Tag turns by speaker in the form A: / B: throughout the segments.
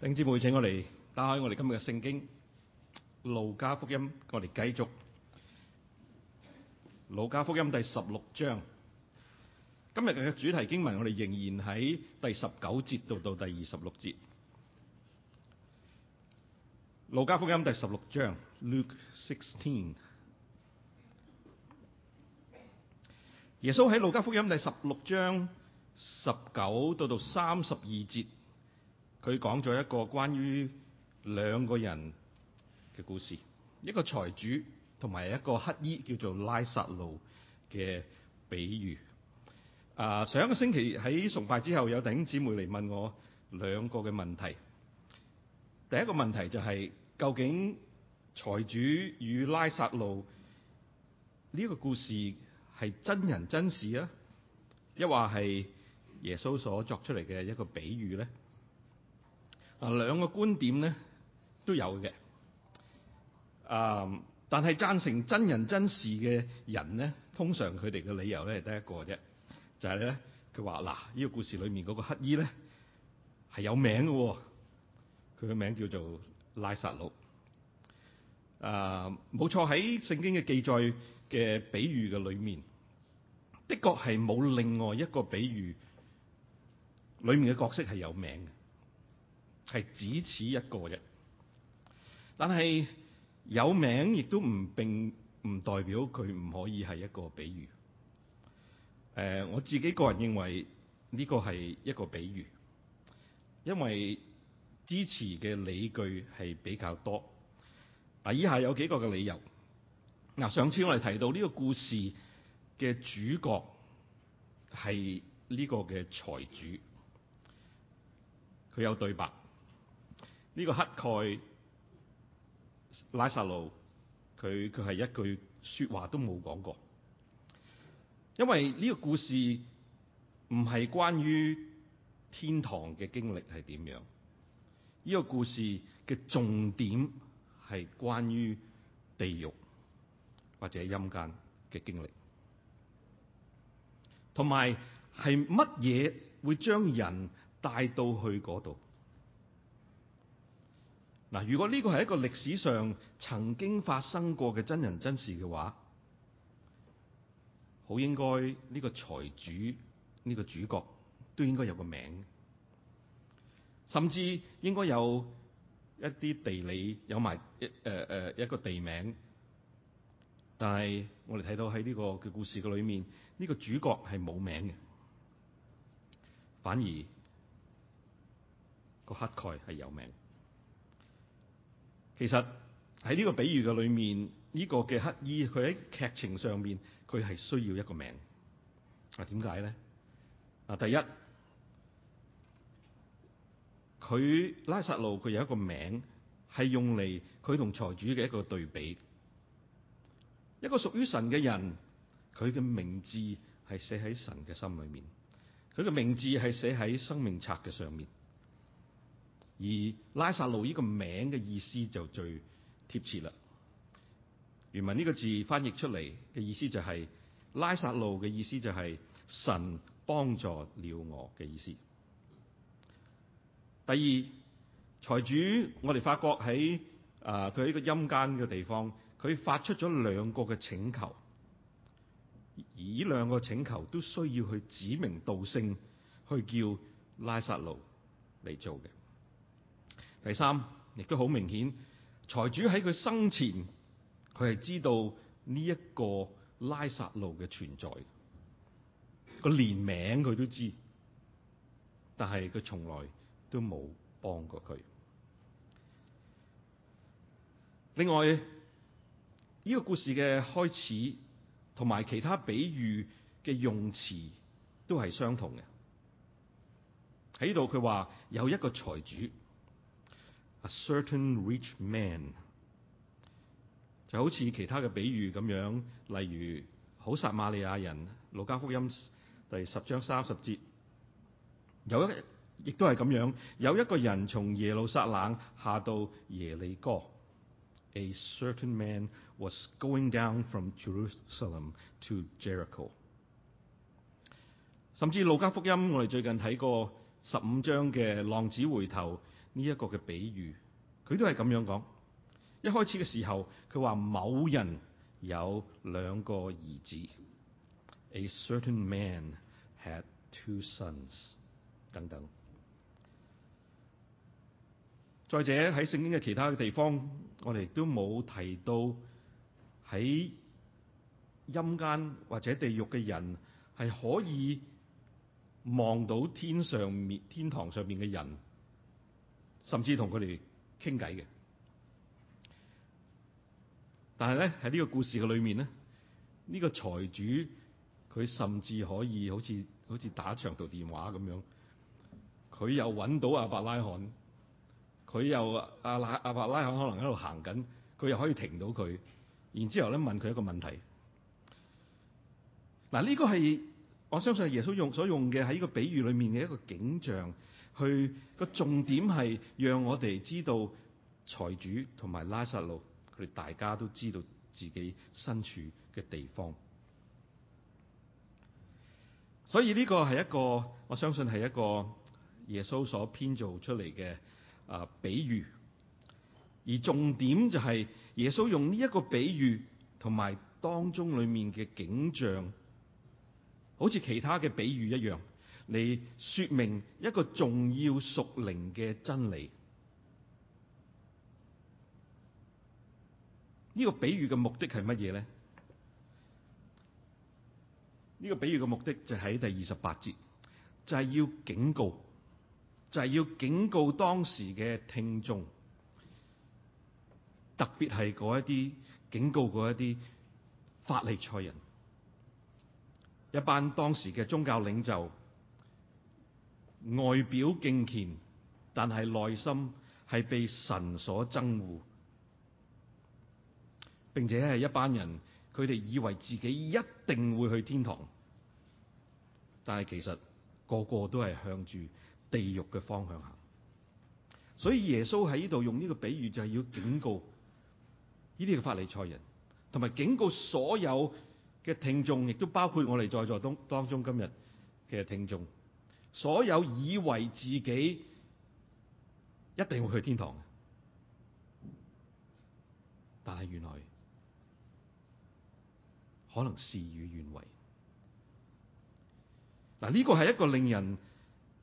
A: 丁姊妹，請我嚟打開我哋今日嘅聖經《路加福音》，我哋繼續《路加福音》第十六章。今日嘅主題經文，我哋仍然喺第十九節到到第二十六節《路加福音第》第十六章 （Luke sixteen。耶穌喺《路加福音第》第十六章十九到到三十二節。佢講咗一個關於兩個人嘅故事，一個財主同埋一個乞兒叫做拉撒路嘅比喻。啊、呃，上一個星期喺崇拜之後有弟兄姊妹嚟問我兩個嘅問題。第一個問題就係、是、究竟財主與拉撒路呢、這個故事係真人真事啊，抑或係耶穌所作出嚟嘅一個比喻咧？啊，兩個觀點咧都有嘅，啊、嗯，但係贊成真人真事嘅人咧，通常佢哋嘅理由咧係得一個啫，就係咧佢話嗱，呢、這個故事裏面個乞衣咧係有名嘅、哦，佢嘅名叫做拉撒路，啊、嗯，冇錯喺聖經嘅記載嘅比喻嘅裏面，的確係冇另外一個比喻裏面嘅角色係有名嘅。係只此一個啫。但係有名亦都唔並唔代表佢唔可以係一個比喻。誒、呃、我自己個人認為呢個係一個比喻，因為支持嘅理據係比較多。啊，以下有幾個嘅理由。嗱、啊，上次我哋提到呢個故事嘅主角係呢個嘅財主，佢有對白。呢個乞丐拉撒路，佢佢係一句説話都冇講過，因為呢個故事唔係關於天堂嘅經歷係點樣，呢個故事嘅重點係關於地獄或者陰間嘅經歷，同埋係乜嘢會將人帶到去嗰度？嗱，如果呢個係一個歷史上曾經發生過嘅真人真事嘅話，好應該呢個財主呢個主角都應該有個名，甚至應該有一啲地理有埋一誒誒一個地名。但係我哋睇到喺呢個嘅故事嘅裏面，呢個主角係冇名嘅，反而個乞丐係有名。其實喺呢個比喻嘅裏面，呢、呢個嘅乞衣佢喺劇情上面佢係需要一個名。啊，點解咧？啊，第一佢拉撒路佢有一個名，係用嚟佢同財主嘅一個對比。一個屬於神嘅人，佢嘅名字係寫喺神嘅心裏面，佢嘅名字係寫喺生命冊嘅上面。而拉撒路呢個名嘅意思就最貼切啦。原文呢個字翻譯出嚟嘅意思就係、是、拉撒路嘅意思就係神幫助了我嘅意思。第二財主，我哋發覺喺啊佢喺個陰間嘅地方，佢發出咗兩個嘅請求，而呢兩個請求都需要去指名道姓去叫拉撒路嚟做嘅。第三，亦都好明顯，財主喺佢生前，佢係知道呢一個拉撒路嘅存在，佢連名佢都知，但係佢從來都冇幫過佢。另外，呢個故事嘅開始同埋其他比喻嘅用詞都係相同嘅。喺度佢話有一個財主。certain rich man 就好似其他嘅比喻咁樣，例如好撒瑪利亞人，路加福音第十章三十節，有一日亦都係咁樣，有一個人從耶路撒冷下到耶利哥。A certain man was going down from Jerusalem to Jericho。甚至路加福音我哋最近睇過十五章嘅浪子回頭。呢一個嘅比喻，佢都係咁樣講，一開始嘅時候，佢話某人有兩個兒子。A certain man had two sons。等等。再者，喺聖經嘅其他嘅地方，我哋都冇提到喺陰間或者地獄嘅人係可以望到天上面天堂上面嘅人。甚至同佢哋傾偈嘅，但係咧，喺呢個故事嘅裏面咧，呢個財主佢甚至可以好似好似打長途電話咁樣，佢又揾到阿伯拉罕，佢又阿阿伯拉罕可能喺度行緊，佢又可以停到佢，然之後咧問佢一個問題。嗱，呢個係我相信係耶穌用所用嘅喺呢個比喻裏面嘅一個景象。佢個重點係讓我哋知道財主同埋拉撒路，佢哋大家都知道自己身處嘅地方。所以呢個係一個我相信係一個耶穌所編造出嚟嘅啊比喻。而重點就係耶穌用呢一個比喻同埋當中裏面嘅景象，好似其他嘅比喻一樣。嚟說明一個重要屬靈嘅真理。呢個比喻嘅目的係乜嘢咧？呢個比喻嘅目的就喺第二十八節，就係要警告，就係要警告當時嘅聽眾，特別係嗰一啲警告嗰一啲法利賽人，一班當時嘅宗教領袖。外表敬虔，但係內心係被神所憎惡，並且係一班人，佢哋以為自己一定會去天堂，但係其實個個都係向住地獄嘅方向行。所以耶穌喺呢度用呢個比喻，就係要警告呢啲嘅法利賽人，同埋警告所有嘅聽眾，亦都包括我哋在座當當中今日嘅聽眾。所有以為自己一定會去天堂，但係原來可能事與願違。嗱，呢個係一個令人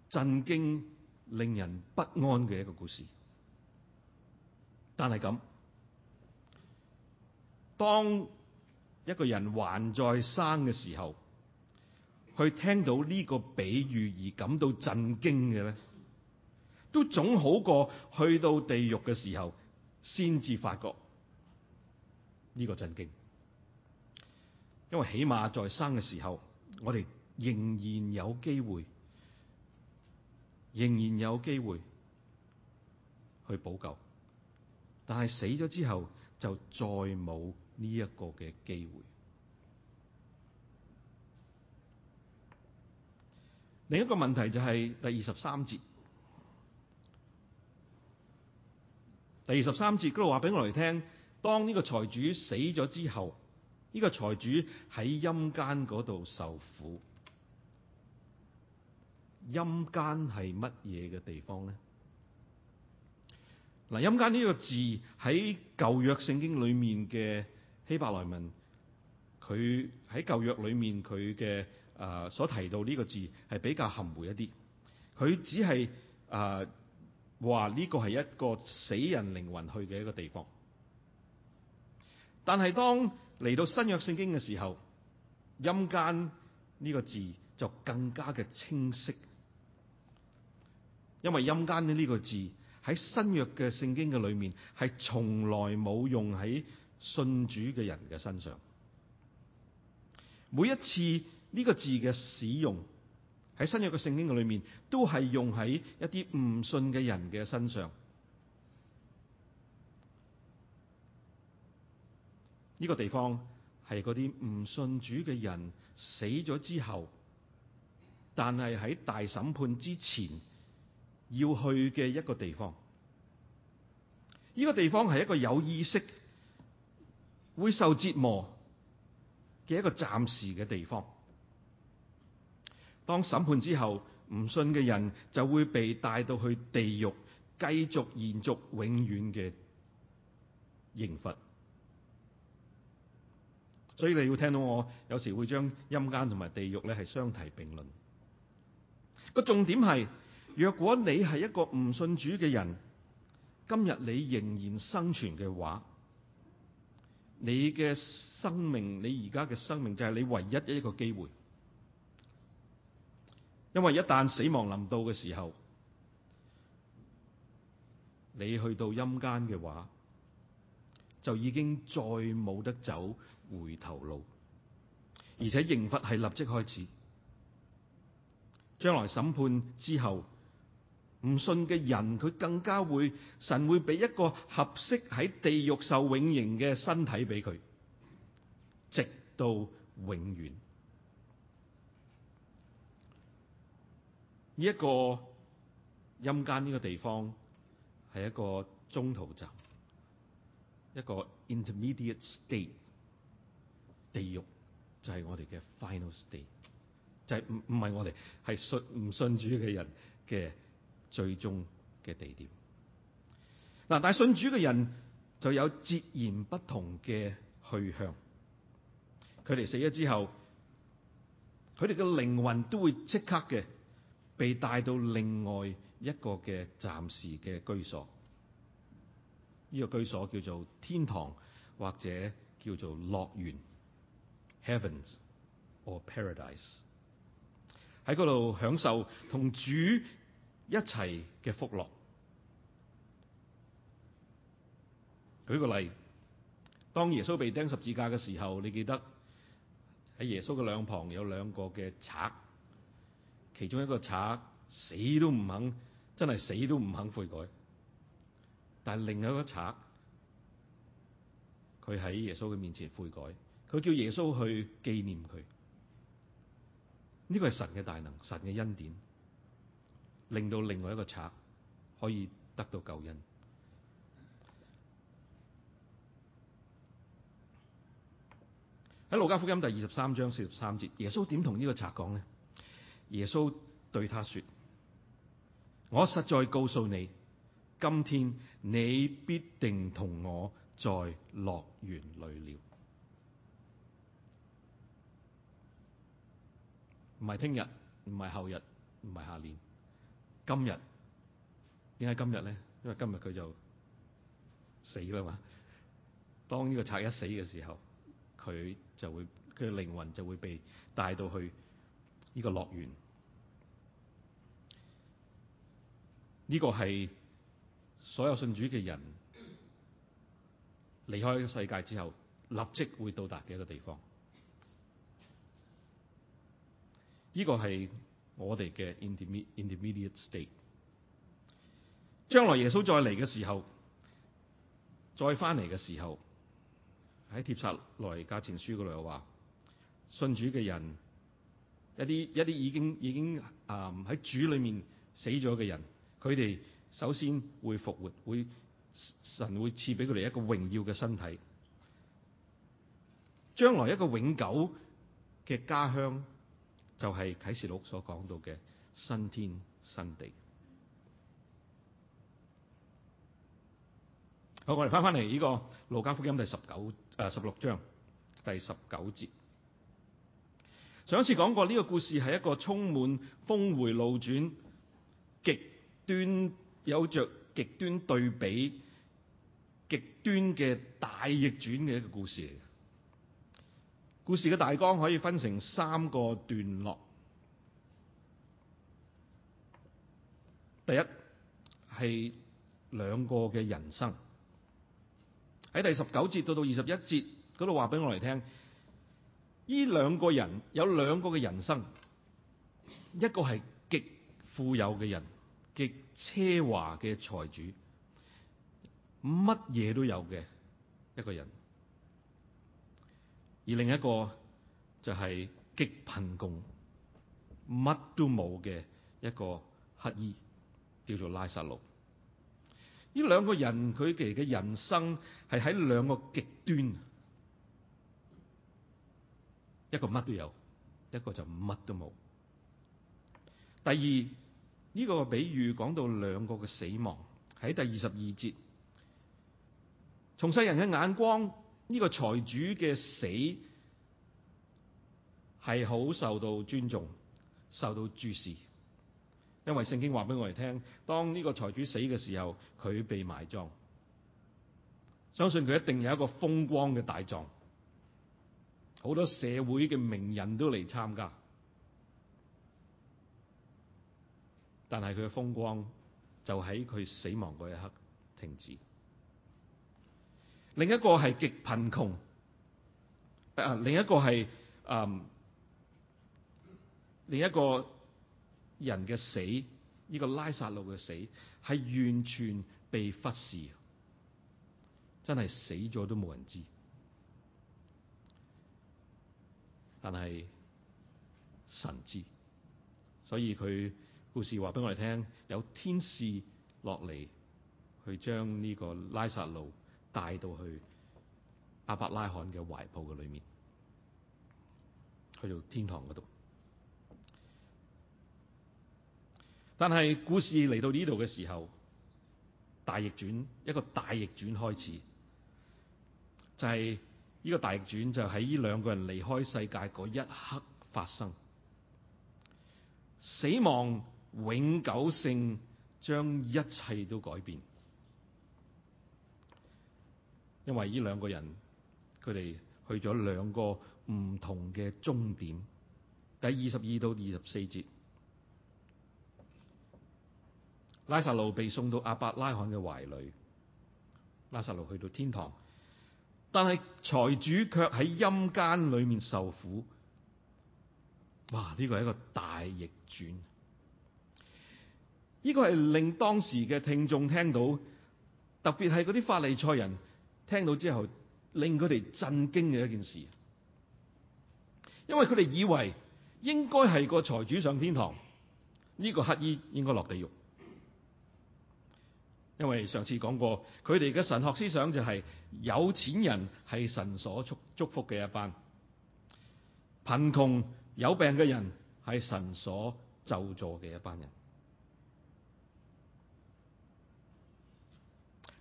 A: 震驚、令人不安嘅一個故事。但係咁，當一個人還在生嘅時候，去聽到呢個比喻而感到震驚嘅咧，都總好過去到地獄嘅時候先至發覺呢個震驚，因為起碼在生嘅時候，我哋仍然有機會，仍然有機會去補救，但係死咗之後就再冇呢一個嘅機會。另一個問題就係第二十三節，第二十三節度話俾我哋聽，當呢個財主死咗之後，呢、呢個財主喺陰間嗰度受苦。陰間係乜嘢嘅地方咧？嗱，陰間呢個字喺舊約聖經裏面嘅希伯來文，佢喺舊約裏面佢嘅。誒、呃、所提到呢個字係比較含糊一啲，佢只係誒話呢個係一個死人靈魂去嘅一個地方。但係當嚟到新約聖經嘅時候，陰間呢個字就更加嘅清晰，因為陰間呢呢個字喺新約嘅聖經嘅裏面係從來冇用喺信主嘅人嘅身上，每一次呢個字嘅使用喺新約嘅聖經裏面，都係用喺一啲唔信嘅人嘅身上。呢個地方係嗰啲唔信主嘅人死咗之後，但係喺大審判之前要去嘅一個地方。呢個地方係一個有意識會受折磨嘅一個暫時嘅地方。當審判之後，唔信嘅人就會被帶到去地獄，繼續延續永遠嘅刑罰。所以你要聽到我有時會將陰間同埋地獄咧係相提並論。個重點係，若果你係一個唔信主嘅人，今日你仍然生存嘅話，你嘅生命，你而家嘅生命就係你唯一一個機會。因為一旦死亡臨到嘅時候，你去到陰間嘅話，就已經再冇得走回頭路，而且刑罰係立即開始。將來審判之後，唔信嘅人，佢更加會，神會俾一個合適喺地獄受永刑嘅身體俾佢，直到永遠。呢一個陰間呢個地方係一個中途站，一個 intermediate state，地獄就係我哋嘅 final state，就係唔唔係我哋係信唔信主嘅人嘅最終嘅地點。嗱，但係信主嘅人就有截然不同嘅去向。佢哋死咗之後，佢哋嘅靈魂都會即刻嘅。被帶到另外一個嘅暫時嘅居所，呢、這個居所叫做天堂或者叫做樂園 h e a v e n s or paradise）。喺嗰度享受同主一齊嘅福樂。舉個例，當耶穌被釘十字架嘅時候，你記得喺耶穌嘅兩旁有兩個嘅賊。其中一個賊死都唔肯，真係死都唔肯悔改。但係另一個賊，佢喺耶穌嘅面前悔改，佢叫耶穌去紀念佢。呢個係神嘅大能，神嘅恩典，令到另外一個賊可以得到救恩。喺路加福音第二十三章四十三節，耶穌點同呢個賊講咧？耶穌對他說，我實在告訴你，今天你必定同我在樂園裏了。唔係聽日，唔係後日，唔係下年，今日。點解今日咧？因為今日佢就死啦嘛。當呢個賊一死嘅時候，佢就會佢嘅靈魂就會被帶到去。呢個樂園，呢、這個係所有信主嘅人離開世界之後，立即會到達嘅一個地方。呢、這個係我哋嘅 intermediate state。將來耶穌再嚟嘅時候，再翻嚟嘅時候，喺帖撒羅尼迦前書嗰度又話，信主嘅人。一啲一啲已經已經啊喺主裏面死咗嘅人，佢哋首先會復活，會神會賜俾佢哋一個榮耀嘅身體。將來一個永久嘅家鄉，就係、是、啟示錄所講到嘅新天新地。好，我哋翻返嚟呢個路加福音第十九誒、呃、十六章第十九節。上一次講過，呢、這個故事係一個充滿峰迴路轉、極端、有着極端對比、極端嘅大逆轉嘅一個故事嚟嘅。故事嘅大綱可以分成三個段落。第一係兩個嘅人生，喺第十九節到到二十一節嗰度話俾我嚟聽。呢兩個人有兩個嘅人生，一個係極富有嘅人，極奢華嘅財主，乜嘢都有嘅一個人；而另一個就係極貧窮，乜都冇嘅一個乞衣，叫做拉撒路。呢兩個人，佢哋嘅人生係喺兩個極端。一個乜都有，一個就乜都冇。第二，呢個比喻講到兩個嘅死亡喺第二十二節。從世人嘅眼光，呢個財主嘅死係好受到尊重、受到注視，因為聖經話俾我哋聽，當呢個財主死嘅時候，佢被埋葬，相信佢一定有一個風光嘅大葬。好多社會嘅名人都嚟參加，但係佢嘅風光就喺佢死亡嗰一刻停止。另一個係極貧窮，啊、呃！另一個係啊、嗯，另一個人嘅死，呢個拉撒路嘅死係完全被忽視，真係死咗都冇人知。但係神知，所以佢故事話俾我哋聽，有天使落嚟，去將呢個拉撒路帶到去亞伯拉罕嘅懷抱嘅裏面，去到天堂嗰度。但係故事嚟到呢度嘅時候，大逆轉，一個大逆轉開始，就係、是。呢個大逆轉就喺呢兩個人離開世界嗰一刻發生，死亡永久性將一切都改變。因為呢兩個人，佢哋去咗兩個唔同嘅終點。第二十二到二十四節，拉撒路被送到亞伯拉罕嘅懷裡，拉撒路去到天堂。但係財主卻喺陰間裏面受苦，哇！呢個係一個大逆轉，呢個係令當時嘅聽眾聽到，特別係嗰啲法利賽人聽到之後，令佢哋震驚嘅一件事，因為佢哋以為應該係個財主上天堂，呢個乞兒應該落地獄。因為上次講過，佢哋嘅神學思想就係、是、有錢人係神所祝祝福嘅一班，貧窮有病嘅人係神所咒詛嘅一班人，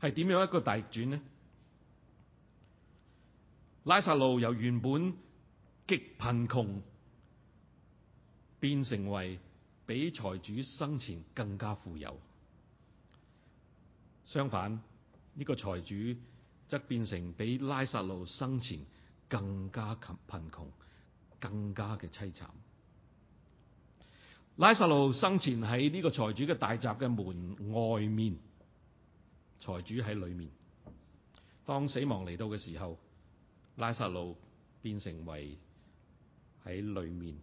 A: 係點樣一個大逆轉呢？拉撒路由原本極貧窮變成為比財主生前更加富有。相反，呢個財主則變成比拉撒路生前更加貧窮、更加嘅凄慘。拉撒路生前喺呢個財主嘅大宅嘅門外面，財主喺裡面。當死亡嚟到嘅時候，拉撒路變成為喺裡面，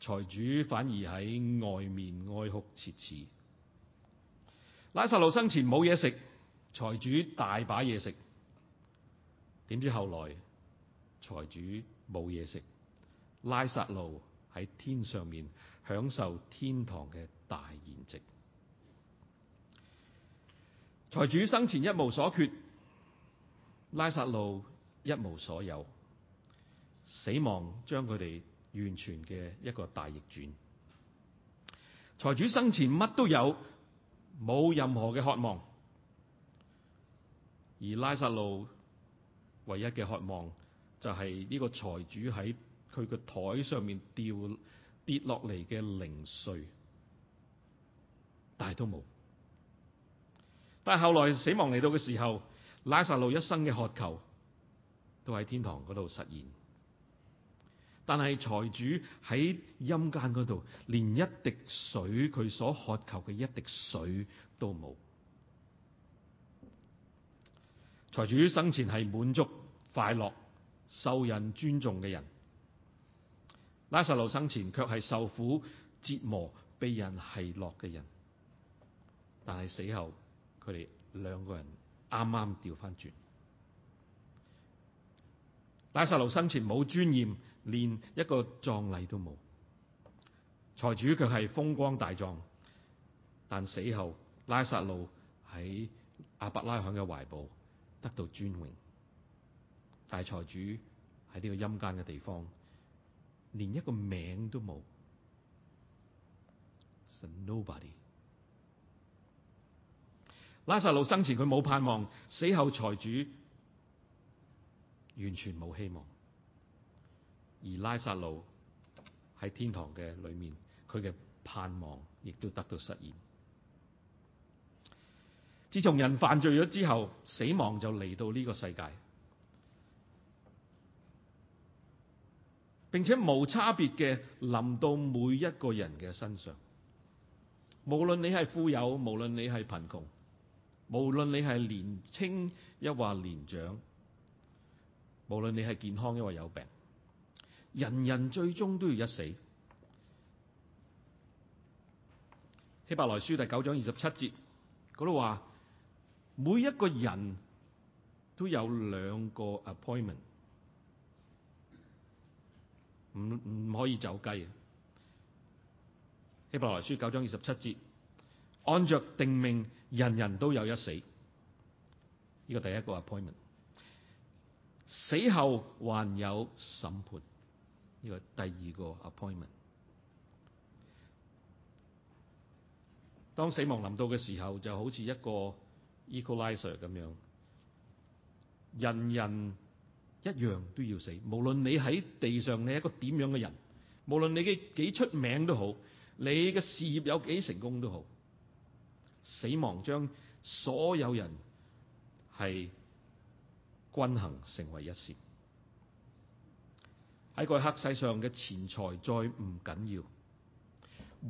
A: 財主反而喺外面哀哭切齒。拉撒路生前冇嘢食，財主大把嘢食。點知後來財主冇嘢食，拉撒路喺天上面享受天堂嘅大筵席。財主生前一無所缺，拉撒路一無所有。死亡將佢哋完全嘅一個大逆轉。財主生前乜都有。冇任何嘅渴望，而拉撒路唯一嘅渴望就係呢個財主喺佢個台上面掉跌落嚟嘅零碎，但係都冇。但係後來死亡嚟到嘅時候，拉撒路一生嘅渴求都喺天堂度實現。但係財主喺陰間嗰度，連一滴水，佢所渴求嘅一滴水都冇。財主生前係滿足、快樂、受人尊重嘅人，拉撒路生前卻係受苦折磨、被人奚落嘅人。但係死後，佢哋兩個人啱啱掉翻轉。拉撒路生前冇尊嚴，連一個葬禮都冇，財主佢係風光大葬，但死後拉撒路喺亞伯拉罕嘅懷抱得到尊榮，大財主喺呢個陰間嘅地方連一個名都冇，是、so、nobody。拉撒路生前佢冇盼望，死後，財主完全冇希望。而拉撒路喺天堂嘅裏面，佢嘅盼望亦都得到實現。自從人犯罪咗之後，死亡就嚟到呢個世界，並且無差別嘅臨到每一個人嘅身上，無論你係富有，無論你係貧窮，無論你係年青抑或年長，無論你係健康抑或有病。人人最終都要一死。希伯來書第九章二十七節，嗰度話每一個人都有兩個 appointment，唔唔可以走雞。希伯來書九章二十七節，按着定命，人人都有一死。呢、這個第一個 appointment，死後還有審判。.呢個係第二個 appointment。當死亡臨到嘅時候，就好似一個 equalizer 咁樣，人人一樣都要死。無論你喺地上你係一個點樣嘅人，無論你嘅幾出名都好，你嘅事業有幾成功都好，死亡將所有人係均衡成為一線。喺個黑世上嘅錢財再唔緊要，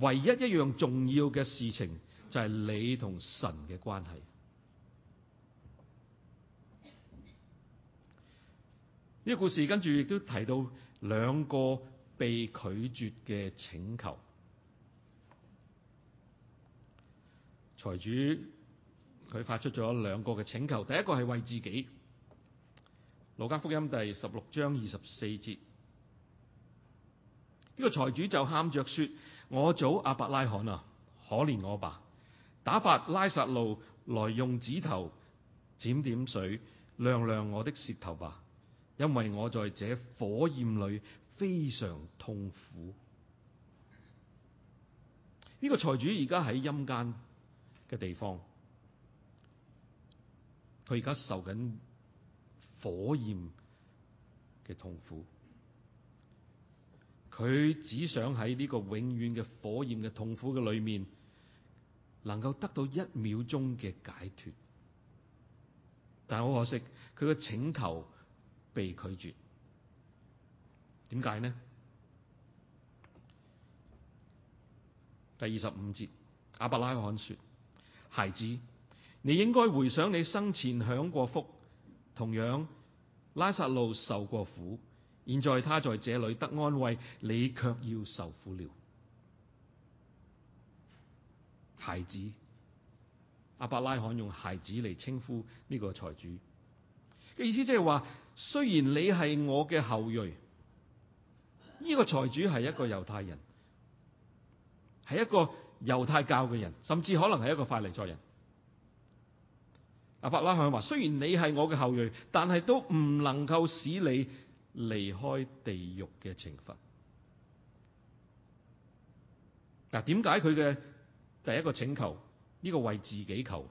A: 唯一一樣重要嘅事情就係、是、你同神嘅關係。呢、這個故事跟住亦都提到兩個被拒絕嘅請求。財主佢發出咗兩個嘅請求，第一個係為自己。路加福音第十六章二十四節。呢個財主就喊着說：我祖阿伯拉罕啊，可憐我吧，打發拉撒路來用指頭蘸點水，涼涼我的舌頭吧，因為我在這火焰裏非常痛苦。呢、這個財主而家喺陰間嘅地方，佢而家受緊火焰嘅痛苦。佢只想喺呢個永遠嘅火焰嘅痛苦嘅裏面，能夠得到一秒鐘嘅解脱。但係好可惜，佢嘅請求被拒絕。點解呢？第二十五節，亞伯拉罕說：孩子，你應該回想你生前享過福，同樣拉撒路受過苦。現在他在這裏得安慰，你卻要受苦了，孩子。亞伯拉罕用孩子嚟稱呼呢個財主嘅意思，即係話雖然你係我嘅後裔，呢、這個財主係一個猶太人，係一個猶太教嘅人，甚至可能係一個法利賽人。亞伯拉罕話：雖然你係我嘅後裔，但係都唔能夠使你。離開地獄嘅懲罰。嗱，點解佢嘅第一個請求，呢個為自己求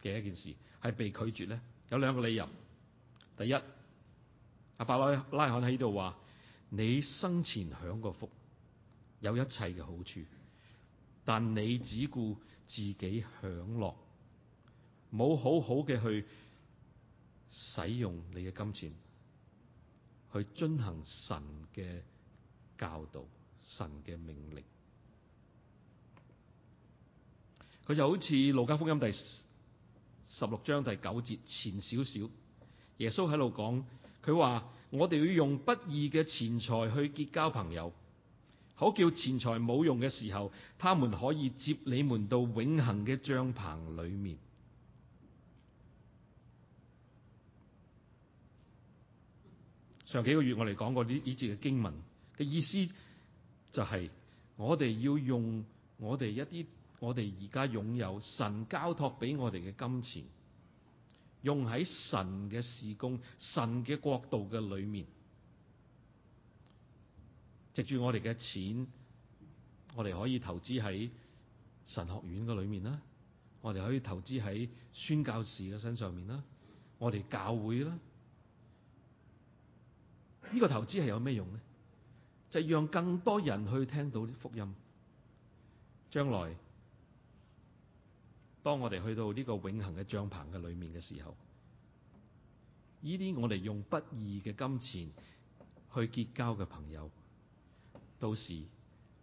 A: 嘅一件事，係被拒絕咧？有兩個理由。第一，阿伯拉罕喺度話：你生前享過福，有一切嘅好處，但你只顧自己享樂，冇好好嘅去使用你嘅金錢。去遵行神嘅教導、神嘅命令。佢就好似《路加福音》第十六章第九節前少少，耶穌喺度講，佢話：我哋要用不義嘅錢財去結交朋友，好叫錢財冇用嘅時候，他們可以接你們到永恒嘅帳篷裏面。上幾個月我哋講過呢，呢節嘅經文嘅意思，就係我哋要用我哋一啲我哋而家擁有神交託俾我哋嘅金錢，用喺神嘅事工、神嘅國度嘅裏面，藉住我哋嘅錢，我哋可以投資喺神學院嘅裏面啦，我哋可以投資喺宣教士嘅身上面啦，我哋教會啦。呢個投資係有咩用咧？就係讓更多人去聽到啲福音。將來當我哋去到呢個永恆嘅帳棚嘅裏面嘅時候，呢啲我哋用不義嘅金錢去結交嘅朋友，到時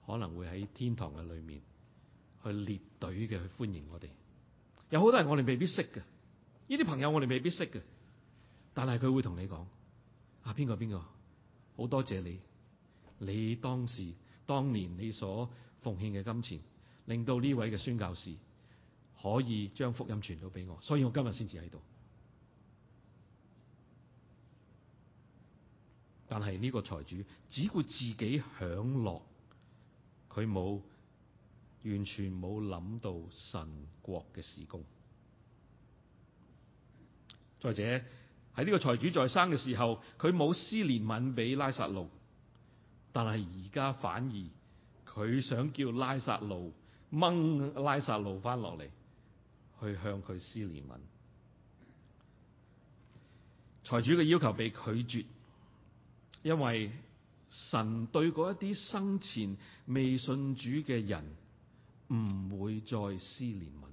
A: 可能會喺天堂嘅裏面去列隊嘅去歡迎我哋。有好多人我哋未必識嘅，呢啲朋友我哋未必識嘅，但係佢會同你講。啊，邊個邊個？好多謝你，你當時當年你所奉獻嘅金錢，令到呢位嘅宣教士可以將福音傳到俾我，所以我今日先至喺度。但係呢個財主只顧自己享樂，佢冇完全冇諗到神國嘅事工。再者。喺呢個財主在生嘅時候，佢冇施憐憫俾拉撒路，但係而家，反而佢想叫拉撒路掹拉撒路翻落嚟，去向佢施憐憫。財主嘅要求被拒絕，因為神對嗰一啲生前未信主嘅人唔會再施憐憫。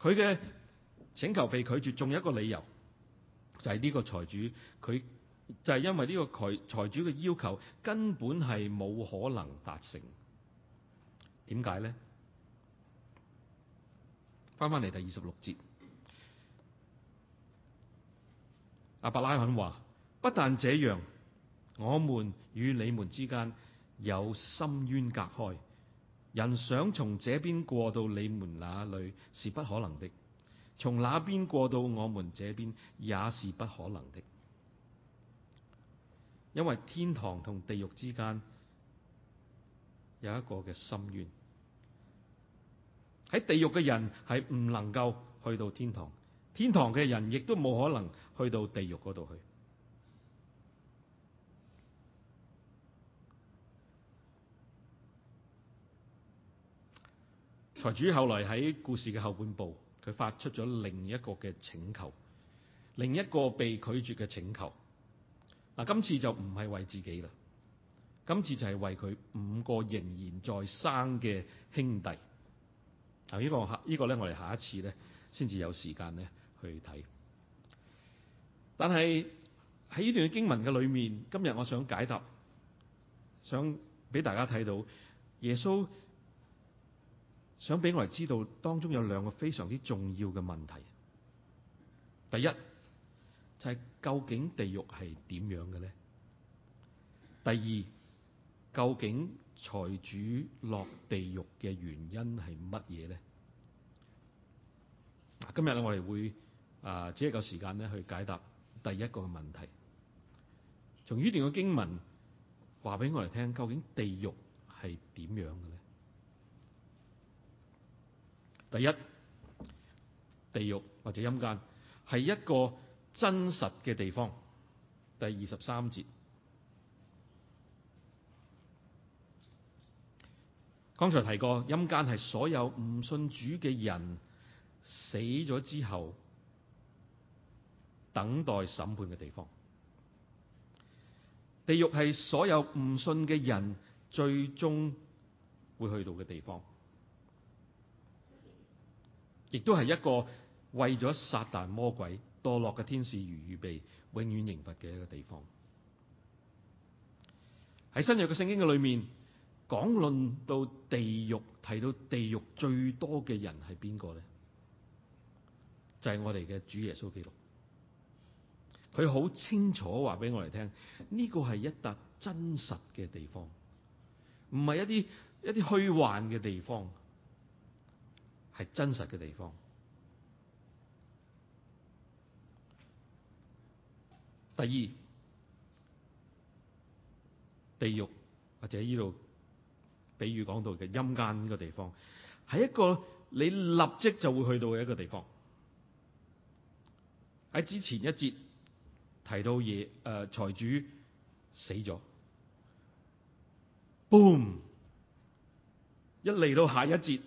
A: 佢嘅。請求被拒絕仲有一個理由，就係、是、呢個財主佢就係因為呢個財財主嘅要求根本係冇可能達成。點解咧？翻翻嚟第二十六節。亞伯拉罕話，不但這樣，我們與你們之間有深淵隔開，人想從這邊過到你們那裏是不可能的。從那邊過到我們這邊也是不可能的，因為天堂同地獄之間有一個嘅深淵。喺地獄嘅人係唔能夠去到天堂，天堂嘅人亦都冇可能去到地獄度去。財主後來喺故事嘅後半部。佢發出咗另一個嘅請求，另一個被拒絕嘅請求。嗱，今次就唔係為自己啦，今次就係為佢五個仍然在生嘅兄弟。嗱，呢個，呢個下呢個咧，我哋下一次咧先至有時間咧去睇。但係喺呢段經文嘅裏面，今日我想解答，想俾大家睇到耶穌。想俾我哋知道，當中有兩個非常之重要嘅問題。第一就係、是、究竟地獄係點樣嘅咧？第二，究竟財主落地獄嘅原因係乜嘢咧？嗱，今日咧我哋會啊、呃，只係夠時間咧去解答第一個問題。從呢段嘅經文話俾我哋聽究竟地獄係點樣嘅。第一，地獄，或者陰間，係一個真實嘅地方。第二十三節，剛才提過，陰間係所有唔信主嘅人死咗之後等待審判嘅地方。地獄係所有唔信嘅人最終會去到嘅地方。亦都係一個為咗撒但魔鬼墮落嘅天使而預備永遠刑罰嘅一個地方。喺新約嘅聖經嘅裏面，講論到地獄，提到地獄最多嘅人係邊個咧？就係我哋嘅主耶穌基督。佢好清楚話俾我哋聽，呢個係一笪真實嘅地方，唔係一啲一啲虛幻嘅地方。係真實嘅地方。第二，地獄或者呢度比喻講到嘅陰間呢個地方，係一個你立即就會去到嘅一個地方。喺之前一節提到嘢，誒、呃、財主死咗，boom，一嚟到下一節。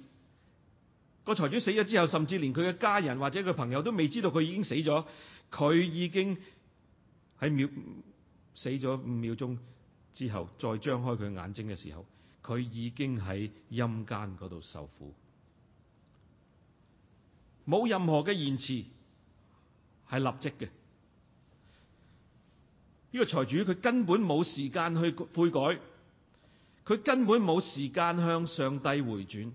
A: 個財主死咗之後，甚至連佢嘅家人或者佢朋友都未知道佢已經死咗。佢已經喺秒死咗五秒鐘之後，再張開佢眼睛嘅時候，佢已經喺陰間嗰度受苦，冇任何嘅延遲，係立即嘅。呢、這個財主佢根本冇時間去悔改，佢根本冇時間向上帝回轉。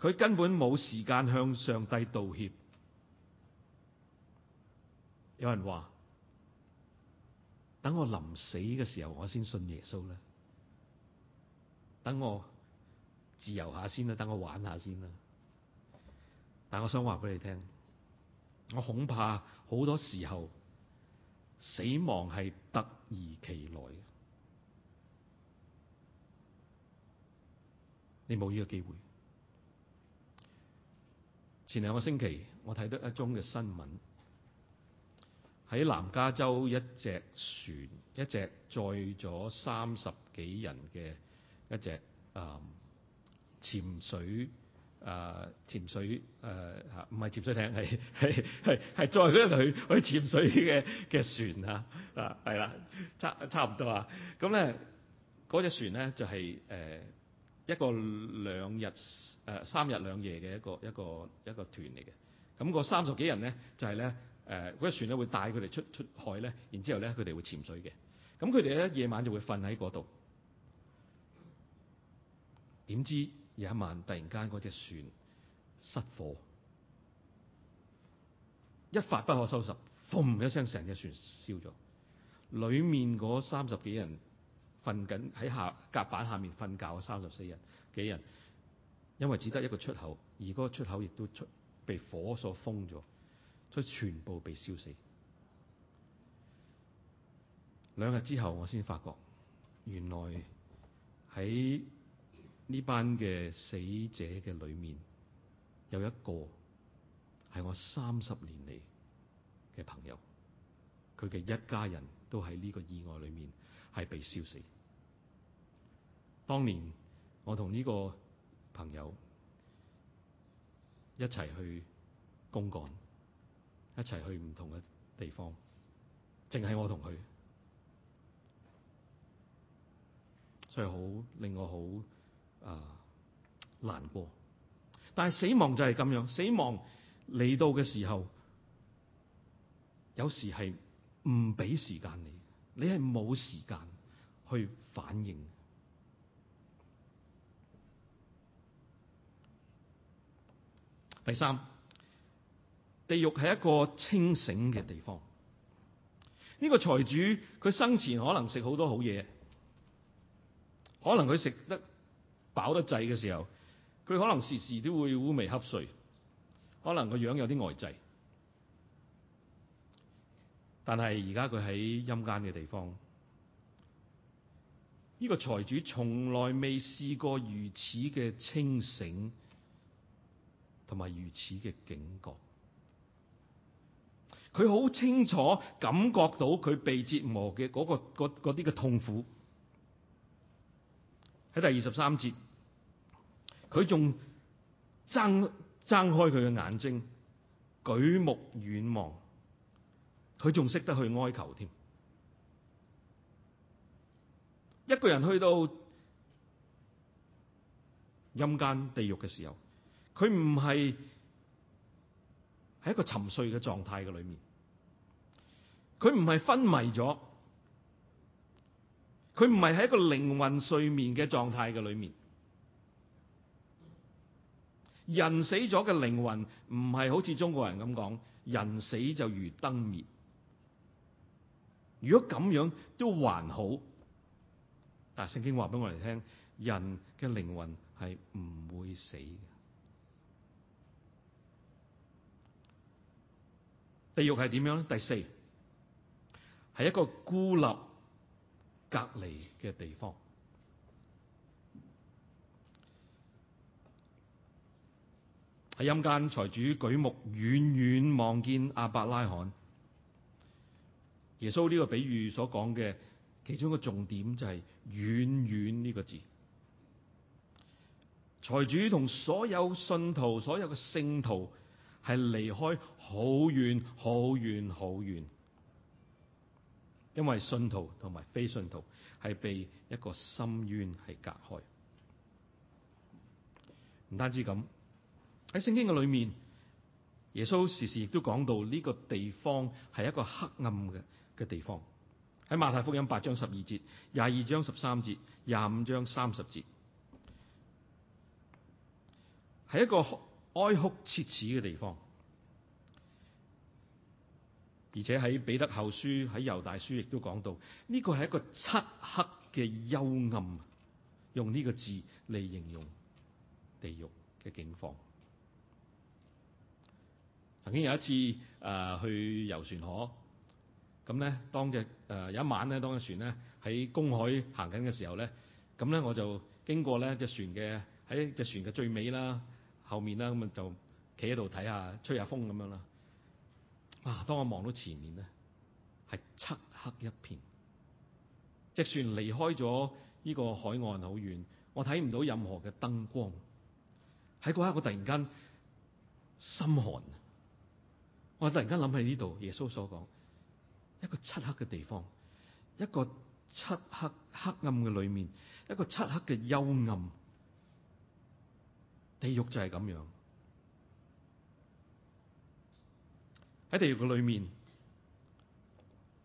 A: 佢根本冇時間向上帝道歉。有人話：等我臨死嘅時候，我先信耶穌啦。等我自由下先啦，等我玩下先啦。但我想話俾你聽，我恐怕好多時候死亡係突如其來嘅，你冇呢個機會。前兩個星期，我睇得一宗嘅新聞，喺南加州一隻船，一隻載咗三十幾人嘅一隻啊、嗯、潛水啊、呃、潛水誒嚇，唔、呃、係潛水艇，係係係係載嗰啲去、去潛水嘅嘅船啊啊，係啦，差差唔多啊。咁咧嗰隻船咧就係、係、誒。呃一個兩日誒、呃、三日兩夜嘅一個一個一個團嚟嘅，咁、嗯，嗰個三十幾人咧就係咧誒嗰隻船咧會帶佢哋出出海咧，然之後咧佢哋會潛水嘅，咁佢哋咧夜晚就會瞓喺度，點知有一晚突然間隻船失火，一發不可收拾，嘣一聲成隻船燒咗，裏面三十幾人，瞓緊喺下甲板下面瞓覺，三十四日幾日，因為只得一個出口，而嗰個出口亦都出被火所封咗，所以全部被燒死。兩日之後，我先發覺原來喺呢班嘅死者嘅裏面有一個係我三十年嚟嘅朋友，佢嘅一家人都喺呢個意外裏面係被燒死。當年我同呢個朋友一齊去公幹，一齊去唔同嘅地方，淨係我同佢，所以好令我好啊、呃、難過。但係死亡就係咁樣，死亡嚟到嘅時候，有時係唔俾時間你，你係冇時間去反應。第三，地獄係一個清醒嘅地方。呢個財主佢生前可能食好多好嘢，可能佢食得飽得滯嘅時候，佢可能時時都會烏眉瞌睡，可能個樣有啲呆滯。但係而家佢喺陰間嘅地方，呢個財主從來未試過如此嘅清醒。同埋如此嘅警覺，佢好清楚感覺到佢被折磨嘅嗰、嗰個、啲嘅痛苦。喺第二十三節，佢仲睜睜開佢嘅眼睛，舉目遠望，佢仲識得去哀求添。一個人去到陰間地獄嘅時候。佢唔係喺一個沉睡嘅狀態嘅裏面，佢唔係昏迷咗，佢唔係喺一個靈魂睡眠嘅狀態嘅裏面。人死咗嘅靈魂唔係好似中國人咁講，人死就如燈滅。如果咁樣都還好，但係聖經話俾我哋聽，人嘅靈魂係唔會死嘅。地獄係點樣咧？第四，係一個孤立隔離嘅地方。喺陰間，財主舉目遠遠望見阿伯拉罕。耶穌呢個比喻所講嘅其中一個重點就係遠遠呢個字。財主同所有信徒、所有嘅聖徒。係離開好遠、好遠、好遠，因為信徒同埋非信徒係被一個深淵係隔開。唔單止咁，喺聖經嘅裏面，耶穌時時亦都講到呢個地方係一個黑暗嘅嘅地方。喺馬太福音八章十二節、廿二章十三節、廿五章三十節，係一個哀哭切齒嘅地方，而且喺彼得後書、喺猶大書亦都講到，呢個係一個漆黑嘅幽暗，用呢個字嚟形容地獄嘅境況。曾經有一次啊、呃，去遊船河，咁咧當隻誒、呃、有一晚咧，當隻船咧喺公海行緊嘅時候咧，咁咧我就經過咧隻船嘅喺隻船嘅最尾啦。後面啦，咁啊就企喺度睇下，吹下風咁樣啦。啊，當我望到前面咧，係漆黑一片。隻船離開咗呢個海岸好遠，我睇唔到任何嘅燈光。喺嗰一刻，我突然間心寒。我突然間諗起呢度，耶穌所講一個漆黑嘅地方，一個漆黑黑暗嘅裏面，一個漆黑嘅幽暗。地獄就係咁樣，喺地獄嘅裏面，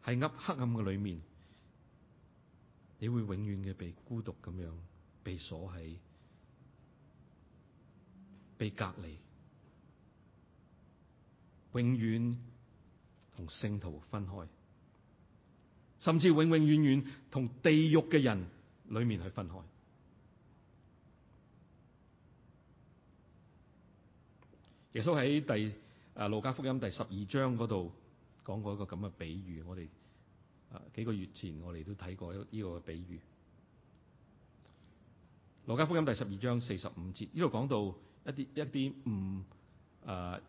A: 喺呃黑暗嘅裏面，你會永遠嘅被孤獨咁樣，被鎖起，被隔離，永遠同聖徒分開，甚至永永遠遠同地獄嘅人裏面去分開。耶穌喺第啊路加福音第十二章嗰度講過一個咁嘅比喻，我哋啊幾個月前我哋都睇過呢個,個比喻。路加福音第十二章四十五節，呢度講到一啲一啲唔、嗯、啊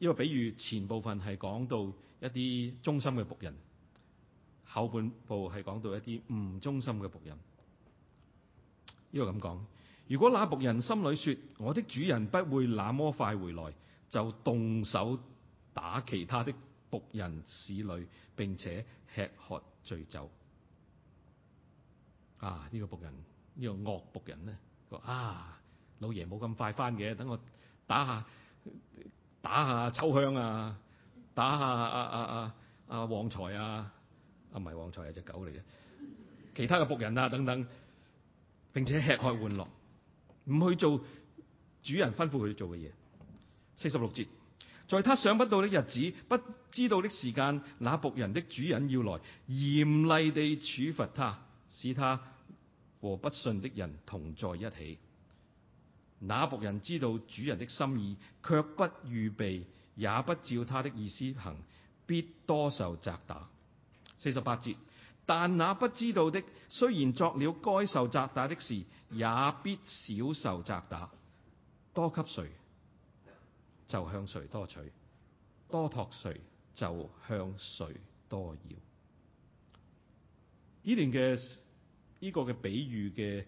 A: 呢個比喻前部分係講到一啲忠心嘅僕人，後半部係講到一啲唔忠心嘅僕人。呢個咁講，如果那僕人心裏説：我的主人不會那麼快回來。就動手打其他的僕人侍女，並且吃喝醉酒。啊，呢、這個僕人，這個、人呢個惡僕人咧，佢話啊，老爺冇咁快返嘅，等我打下打下秋香啊，打下啊啊啊啊旺財啊，啊唔係旺財係隻狗嚟嘅，其他嘅僕人啊等等，並且吃喝玩樂，唔去做主人吩咐佢做嘅嘢。四十六節，在他想不到的日子、不知道的時間，那僕人的主人要來嚴厲地處罰他，使他和不信的人同在一起。那僕人知道主人的心意，卻不預備，也不照他的意思行，必多受責打。四十八節，但那不知道的，雖然作了該受責打的事，也必少受責打，多給誰？就向誰多取，多託誰就向誰多要。呢段嘅呢個嘅比喻嘅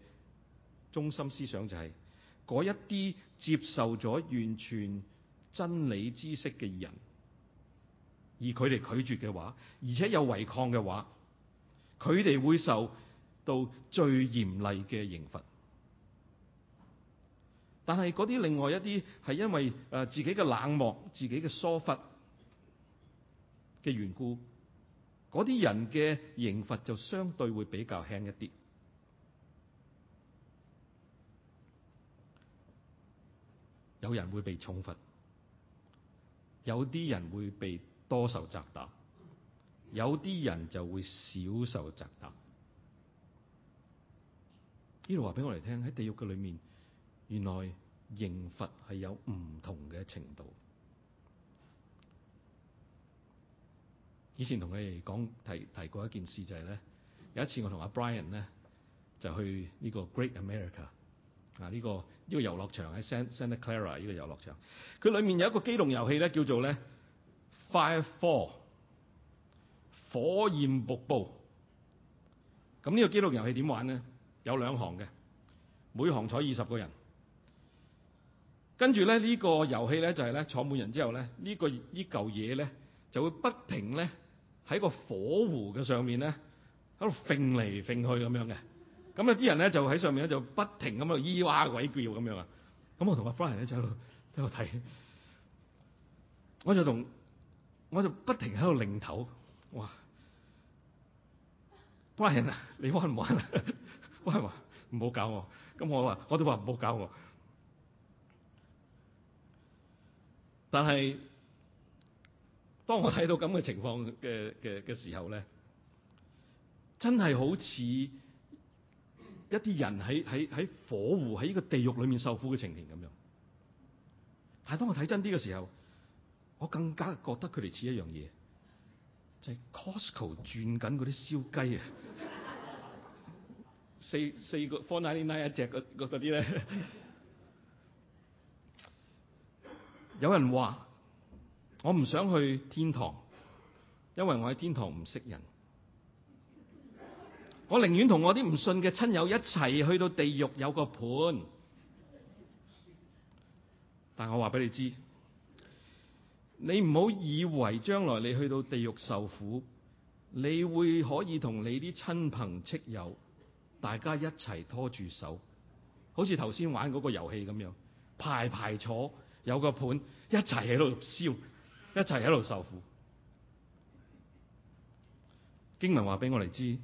A: 中心思想就係、是，嗰一啲接受咗完全真理知識嘅人，而佢哋拒絕嘅話，而且有違抗嘅話，佢哋會受到最嚴厲嘅刑罰。但係嗰啲另外一啲係因為誒自己嘅冷漠、自己嘅疏忽嘅緣故，嗰啲人嘅刑罰就相對會比較輕一啲。有人會被重罰，有啲人會被多受責打，有啲人就會少受責打。呢度話俾我哋聽，喺地獄嘅裏面。原來刑罰係有唔同嘅程度。以前同你哋講提提過一件事，就是，就係咧有一次我同阿 Brian 咧就去呢個 Great America 啊呢、這個呢、這個遊樂場喺 Santa Clara 呢個遊樂場，佢裡面有一個機動遊戲咧叫做咧 Fire Fall 火焰瀑布。咁呢個機動遊戲點玩咧？有兩行嘅，每行坐二十個人。跟住咧呢、這個遊戲咧就係、是、咧坐滿人之後咧呢、這個、這個、呢嚿嘢咧就會不停咧喺個火湖嘅上面咧喺度揈嚟揈去咁樣嘅，咁有啲人咧就喺上面咧就不停咁喺度咿哇鬼叫咁樣啊，咁我同阿 Brian 咧就喺度喺度睇，我就同我就不停喺度擰頭，哇，Brian 啊，你玩唔玩啊？玩 嘛？唔好搞我，咁我話我都話唔好搞我。但係，當我睇到咁嘅情況嘅嘅嘅時候咧，啊、真係好似一啲人喺喺喺火湖喺呢個地獄裡面受苦嘅情形咁樣。但係當我睇真啲嘅時候，我更加覺得佢哋似一樣嘢，就係 Costco 轉緊嗰啲燒雞啊， 四四個 four ninety nine 一隻嗰嗰啲咧。嗰個嗰個呢 有人話：我唔想去天堂，因為我喺天堂唔識人。我寧願同我啲唔信嘅親友一齊去到地獄有個盤。但我話俾你知，你唔好以為將來你去到地獄受苦，你會可以同你啲親朋戚友大家一齊拖住手，好似頭先玩嗰個遊戲咁樣，排排坐。有個盤一齊喺度燒，一齊喺度受苦。經文話俾我哋知，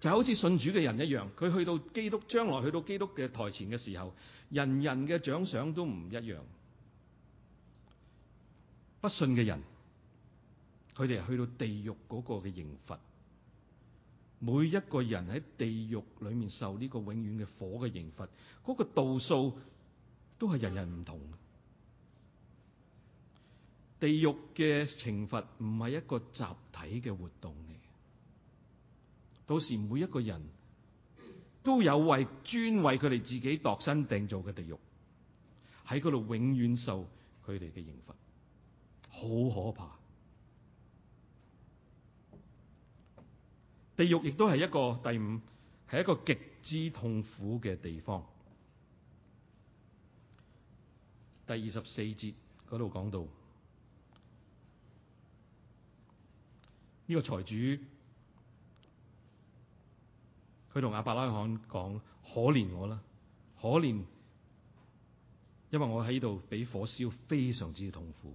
A: 就好似信主嘅人一樣，佢去到基督，將來去到基督嘅台前嘅時候，人人嘅獎賞都唔一樣。不信嘅人，佢哋去到地獄嗰個嘅刑罰，每一個人喺地獄裏面受呢個永遠嘅火嘅刑罰，嗰個度數。都係人人唔同嘅，地獄嘅懲罰唔係一個集體嘅活動嚟，到時每一個人都有為專為佢哋自己度身訂造嘅地獄，喺嗰度永遠受佢哋嘅刑罰，好可怕！地獄亦都係一個第五，係一個極之痛苦嘅地方。第二十四節嗰度講到，呢、這個財主，佢同亞伯拉罕講：可憐我啦，可憐，因為我喺度俾火燒，非常之痛苦。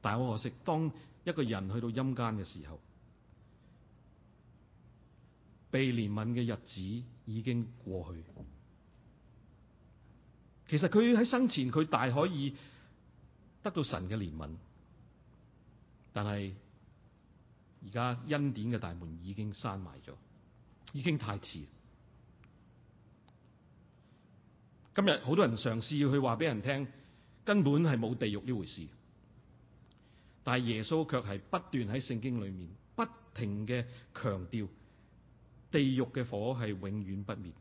A: 但係好可惜，當一個人去到陰間嘅時候，被憐憫嘅日子已經過去。其實佢喺生前佢大可以得到神嘅憐憫，但係而家恩典嘅大門已經閂埋咗，已經太遲。今日好多人嘗試要去話俾人聽，根本係冇地獄呢回事，但係耶穌卻係不斷喺聖經裏面不停嘅強調，地獄嘅火係永遠不滅。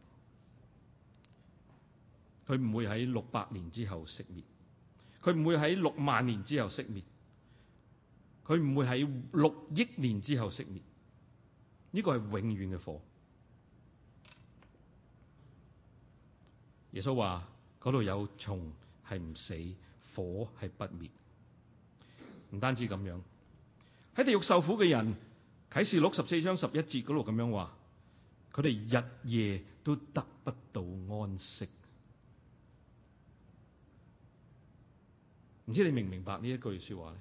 A: 佢唔會喺六百年之後熄滅，佢唔會喺六萬年之後熄滅，佢唔會喺六億年之後熄滅。呢個係永遠嘅火。耶穌話：嗰度有蟲係唔死，火係不滅。唔單止咁樣，喺地獄受苦嘅人，《啟示六十四章十一節》嗰度咁樣話，佢哋日夜都得不到安息。唔知你明唔明白呢一句說話咧？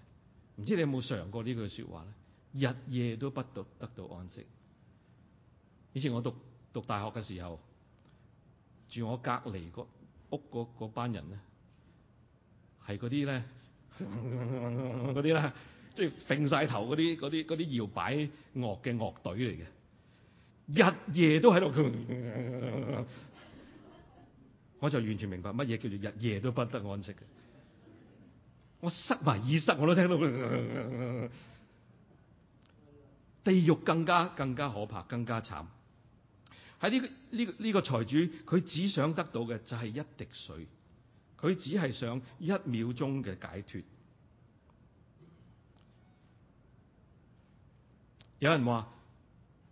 A: 唔知你有冇嘗過呢句說話咧？日夜都不得得到安息。以前我讀讀大學嘅時候，住我隔籬個屋嗰班人咧，係嗰啲咧，嗰啲咧，即係揈晒頭嗰啲、嗰啲、嗰啲搖擺樂嘅樂隊嚟嘅，日夜都喺度。 我就完全明白乜嘢叫做日夜都不得安息嘅。我塞埋耳塞，我都聽到。呃呃呃呃、地獄更加更加可怕，更加慘。喺呢個呢個呢個財主，佢只想得到嘅就係一滴水，佢只係想一秒鐘嘅解脫。有人話，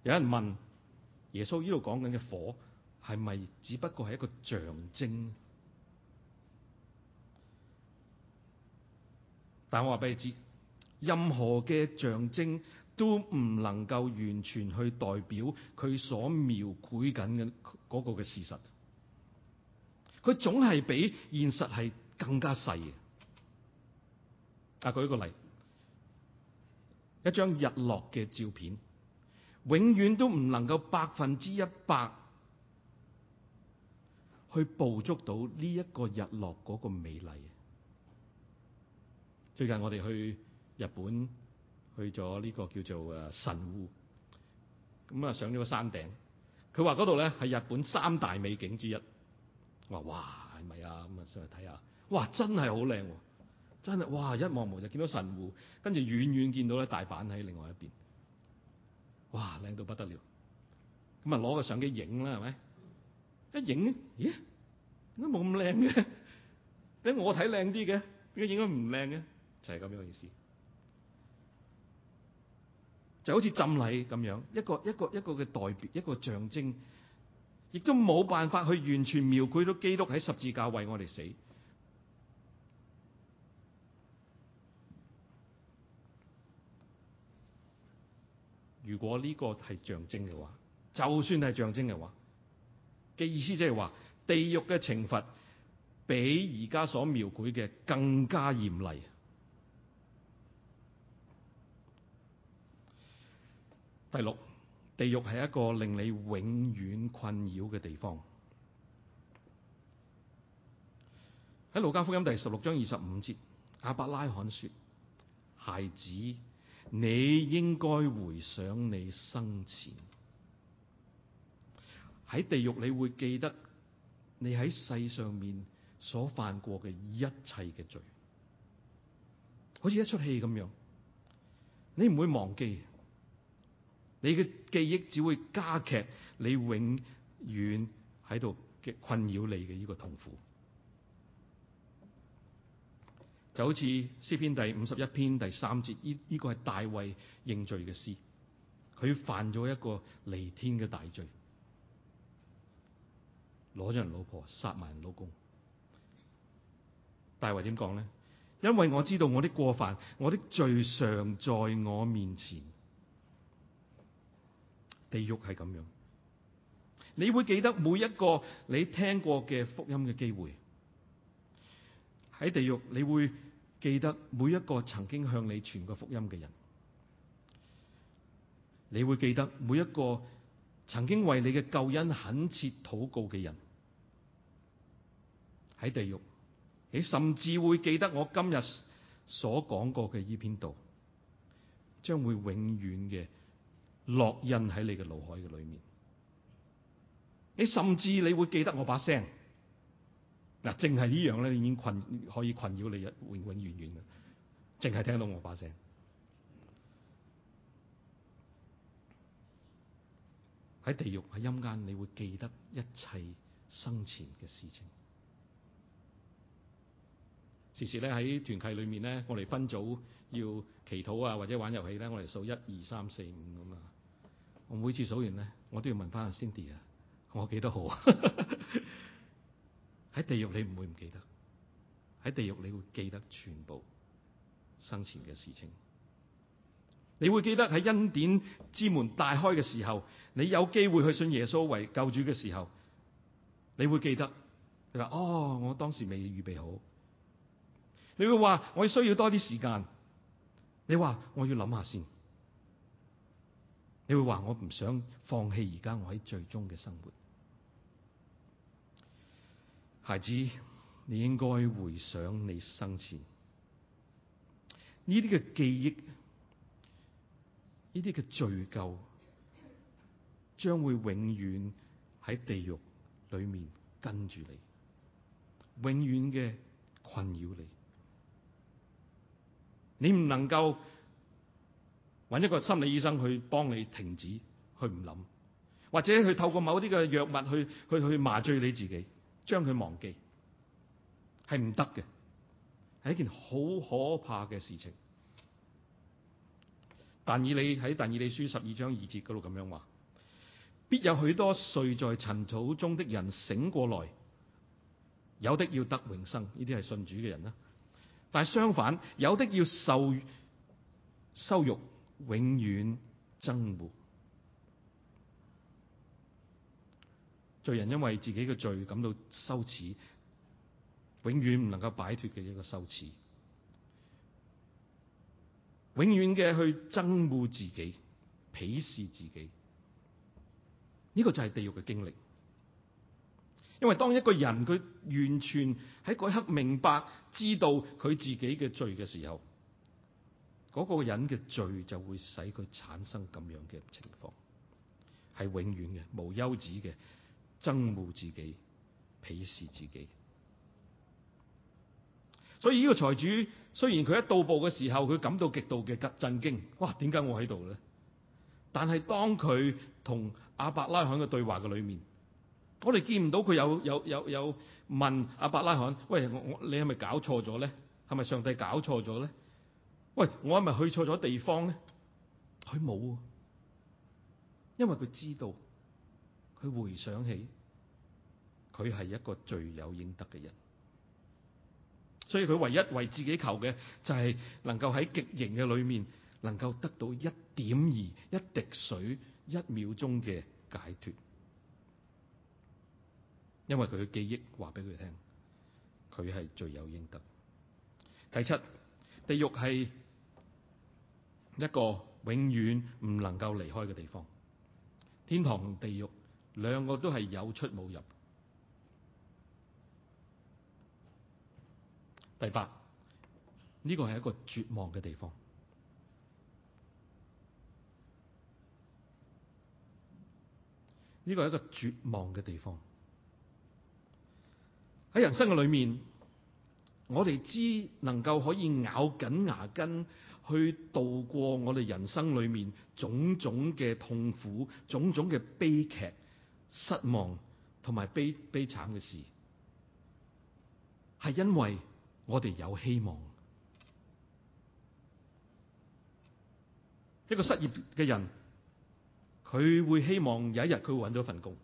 A: 有人問耶穌呢度講緊嘅火係咪只不過係一個象徵？但我話俾你知，任何嘅象徵都唔能夠完全去代表佢所描繪緊嘅嗰個嘅事實，佢總係比現實係更加細嘅。啊，舉一個例，一張日落嘅照片，永遠都唔能夠百分之一百去捕捉到呢一個日落嗰個美麗。最近我哋去日本，去咗呢個叫做誒神戶，咁啊上咗個山頂，佢話嗰度咧係日本三大美景之一。我話哇係咪啊？咁啊上嚟睇下，哇真係好靚，真係、哦、哇一望一望就見到神戶，跟住遠遠見到咧大阪喺另外一邊，哇靚到不得了。咁啊攞個相機影啦係咪？一影，咦呢點解冇咁靚嘅？點解我睇靚啲嘅？點解影佢唔靚嘅？就係咁樣嘅意思，就好似浸禮咁樣一個一個一個嘅代表一個象徵，亦都冇辦法去完全描繪到基督喺十字架為我哋死。如果呢個係象徵嘅話，就算係象徵嘅話嘅意思就，即係話地獄嘅懲罰比而家所描繪嘅更加嚴厲。第六，地獄係一個令你永遠困擾嘅地方。喺《路加福音》第十六章二十五節，亞伯拉罕說：孩子，你應該回想你生前喺地獄，你會記得你喺世上面所犯過嘅一切嘅罪，好似一出戲咁樣，你唔會忘記。你嘅記憶只會加劇你永遠喺度嘅困擾你嘅呢個痛苦，就好似詩篇第五十一篇第三節，呢呢個係大衛認罪嘅詩，佢犯咗一個彌天嘅大罪，攞咗人老婆殺埋人老公，大衛點講咧？因為我知道我的過犯，我的罪常在我面前。地獄係咁樣，你會記得每一個你聽過嘅福音嘅機會，喺地獄你會記得每一個曾經向你傳過福音嘅人，你會記得每一個曾經為你嘅救恩懇切禱告嘅人，喺地獄，你甚至會記得我今日所講過嘅呢篇道，將會永遠嘅。烙印喺你嘅腦海嘅裏面，你甚至你會記得我把聲，嗱，淨係呢樣咧已經困可以困擾你日永永遠遠嘅，淨係聽到我把聲。喺地獄喺陰間，你會記得一切生前嘅事情。時時咧喺團契裏面咧，我哋分組要祈禱啊，或者玩遊戲咧，我哋數一二三四五咁啊。我每次數完咧，我都要問翻阿 Cindy 啊，我幾多號啊？喺地獄你唔會唔記得，喺地獄你會記得全部生前嘅事情。你會記得喺恩典之門大開嘅時候，你有機會去信耶穌為救主嘅時候，你會記得你話哦，我當時未預備好。你會話我需要多啲時間，你話我要諗下先。你會話我唔想放棄，而家我喺最終嘅生活。孩子，你應該回想你生前呢啲嘅記憶、呢啲嘅罪疚，將會永遠喺地獄裏面跟住你，永遠嘅困擾你，你唔能夠。揾一個心理醫生去幫你停止，去唔諗，或者去透過某啲嘅藥物去去去麻醉你自己，將佢忘記，係唔得嘅，係一件好可怕嘅事情。但以理喺但以理書十二章二節嗰度咁樣話，必有許多睡在塵土中的人醒過來，有的要得永生，呢啲係信主嘅人啦。但係相反，有的要受羞辱。永遠憎惡罪人，因為自己嘅罪感到羞恥，永遠唔能夠擺脱嘅一個羞恥，永遠嘅去憎惡自己、鄙視自己，呢、這個就係地獄嘅經歷。因為當一個人佢完全喺嗰刻明白知道佢自己嘅罪嘅時候。嗰個人嘅罪就會使佢產生咁樣嘅情況，係永遠嘅、無休止嘅，憎惡自己、鄙視自己。所以呢個財主雖然佢一到步嘅時候，佢感到極度嘅震驚，哇！點解我喺度咧？但係當佢同亞伯拉罕嘅對話嘅裏面，我哋見唔到佢有有有有問亞伯拉罕：「喂，我我你係咪搞錯咗咧？係咪上帝搞錯咗咧？喂，我係咪去錯咗地方呢？佢冇，啊！因為佢知道，佢回想起，佢係一個罪有應得嘅人，所以佢唯一為自己求嘅就係、是、能夠喺極刑嘅裏面，能夠得到一點二一滴水、一秒鐘嘅解脫，因為佢嘅記憶話俾佢聽，佢係罪有應得。第七，地獄係。一個永遠唔能夠離開嘅地方，天堂同地獄兩個都係有出冇入。第八，呢個係一個絕望嘅地方，呢個係一個絕望嘅地方。喺人生嘅裏面，我哋知能夠可以咬緊牙根，去度過我哋人生裏面種種嘅痛苦、種種嘅悲劇、失望同埋悲悲慘嘅事，係因為我哋有希望。一個失業嘅人，佢會希望有一日佢會揾到份工。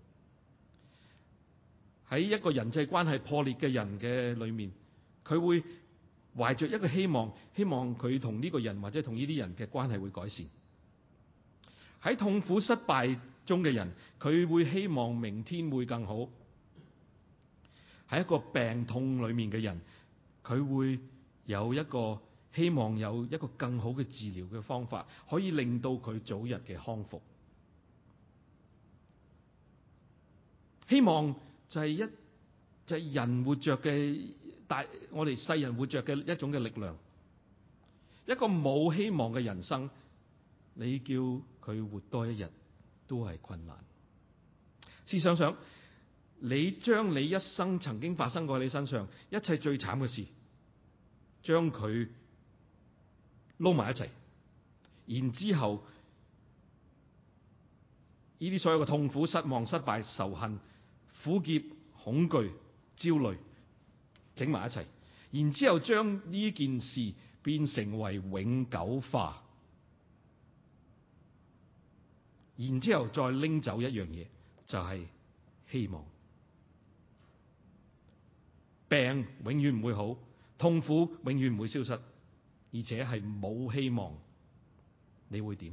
A: 喺一個人際關係破裂嘅人嘅裏面，佢會。懷着一個希望，希望佢同呢個人或者同呢啲人嘅關係會改善。喺痛苦失敗中嘅人，佢會希望明天會更好。喺一個病痛裏面嘅人，佢會有一個希望，有一個更好嘅治療嘅方法，可以令到佢早日嘅康復。希望就係一就係、是、人活着嘅。我哋世人活着嘅一種嘅力量，一個冇希望嘅人生，你叫佢活多一日都係困難。試想想，你將你一生曾經發生過喺你身上一切最慘嘅事，將佢撈埋一齊，然之後呢啲所有嘅痛苦、失望、失敗、仇恨、苦澀、恐懼、焦慮。整埋一齊，然之後將呢件事變成為永久化，然之後再拎走一樣嘢，就係希望。病永遠唔會好，痛苦永遠唔會消失，而且係冇希望，你會點？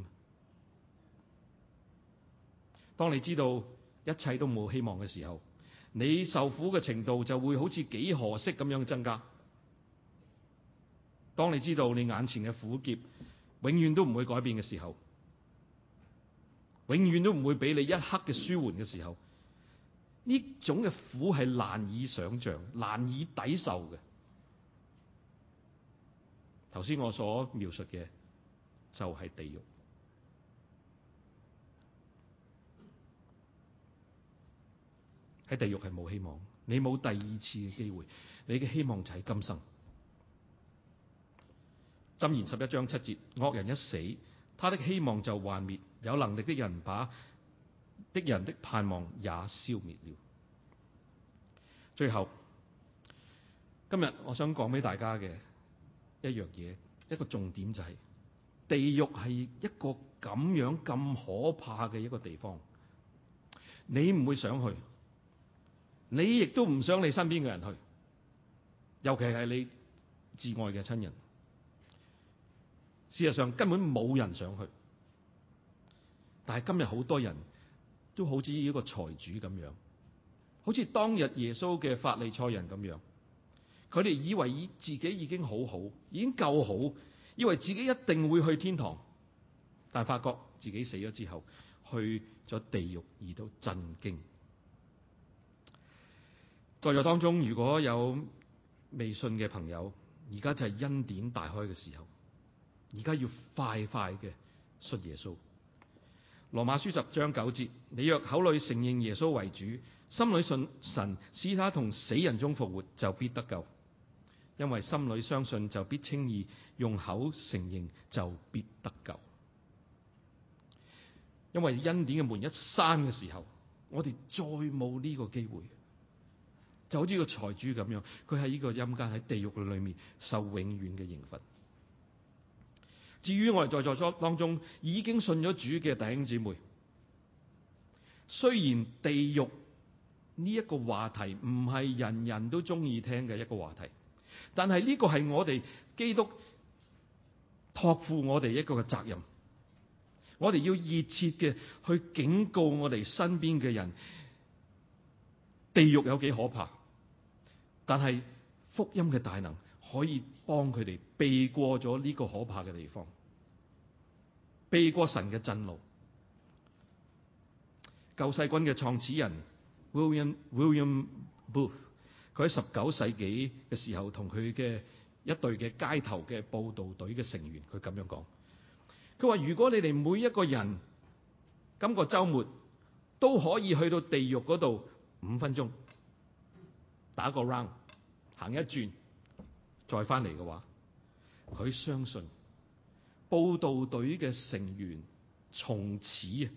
A: 當你知道一切都冇希望嘅時候。你受苦嘅程度就會好似幾何式咁樣增加。當你知道你眼前嘅苦劫永遠都唔會改變嘅時候，永遠都唔會俾你一刻嘅舒緩嘅時候，呢種嘅苦係難以想象，難以抵受嘅。頭先我所描述嘅就係地獄。喺地獄係冇希望，你冇第二次嘅機會，你嘅希望就喺今生。箴言十一章七節，惡人一死，他的希望就幻滅，有能力的人把的人的盼望也消滅了。最後，今日我想講俾大家嘅一樣嘢，一個重點就係、是，地獄係一個咁樣咁可怕嘅一個地方，你唔會想去。你亦都唔想你身邊嘅人去，尤其係你至愛嘅親人。事實上根本冇人想去，但係今日好多人都好似一個財主咁樣，好似當日耶穌嘅法利賽人咁樣，佢哋以為已自己已經好好，已經夠好，以為自己一定會去天堂，但係發覺自己死咗之後去咗地獄，而到震驚。在座當中，如果有未信嘅朋友，而家就係恩典大開嘅時候，而家要快快嘅信耶穌。羅馬書十章九節：你若口裏承認耶穌為主，心裏信神使他同死人中復活，就必得救。因為心裏相信就必輕易用口承認，就必得救。因為恩典嘅門一閂嘅時候，我哋再冇呢個機會。就好似個財主咁樣，佢喺呢個陰間喺地獄裏面受永遠嘅刑罰。至於我哋在座當當中已經信咗主嘅弟兄姊妹，雖然地獄呢一個話題唔係人人都中意聽嘅一個話題，但係呢個係我哋基督託付我哋一個嘅責任，我哋要熱切嘅去警告我哋身邊嘅人，地獄有幾可怕。但係福音嘅大能可以幫佢哋避過咗呢個可怕嘅地方，避過神嘅震怒。救世軍嘅創始人 William, William William Booth，佢喺十九世紀嘅時候同佢嘅一隊嘅街頭嘅報道隊嘅成員，佢咁樣講：佢話如果你哋每一個人今個周末都可以去到地獄嗰度五分鐘，打個 round。行一轉再翻嚟嘅話，佢相信布道隊嘅成員從此啊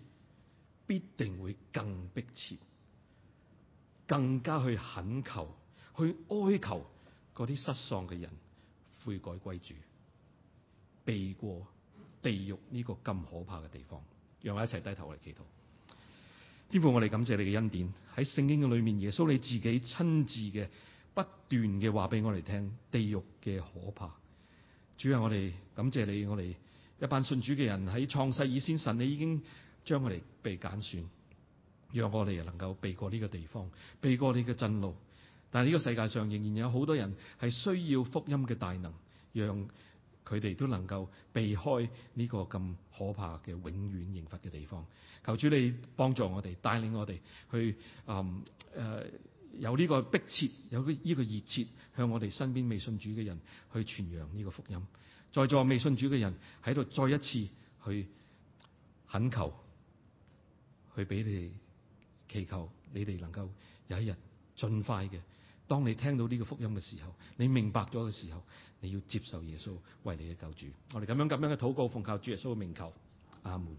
A: 必定會更迫切，更加去懇求、去哀求嗰啲失喪嘅人悔改歸主，避過地獄呢個咁可怕嘅地方。讓我一齊低頭嚟祈禱。天父，我哋感謝你嘅恩典喺聖經嘅裏面，耶穌你自己親自嘅，不斷嘅話俾我哋聽地獄嘅可怕，主啊，我哋感謝你，我哋一班信主嘅人喺創世以先神你已經將我哋被揀選，讓我哋能夠避過呢個地方，避過你嘅震怒。但係呢個世界上仍然有好多人係需要福音嘅大能，讓佢哋都能夠避開呢個咁可怕嘅永遠刑罰嘅地方。求主你幫助我哋，帶領我哋去啊誒。嗯呃有呢個迫切，有呢個熱切，向我哋身邊未信主嘅人去傳揚呢個福音，在座未信主嘅人喺度再一次去懇求，去俾你哋祈求你哋能夠有一日盡快嘅，當你聽到呢個福音嘅時候，你明白咗嘅時候，你要接受耶穌為你嘅救主。我哋咁樣咁樣嘅禱告，奉靠主耶穌嘅名求，阿門。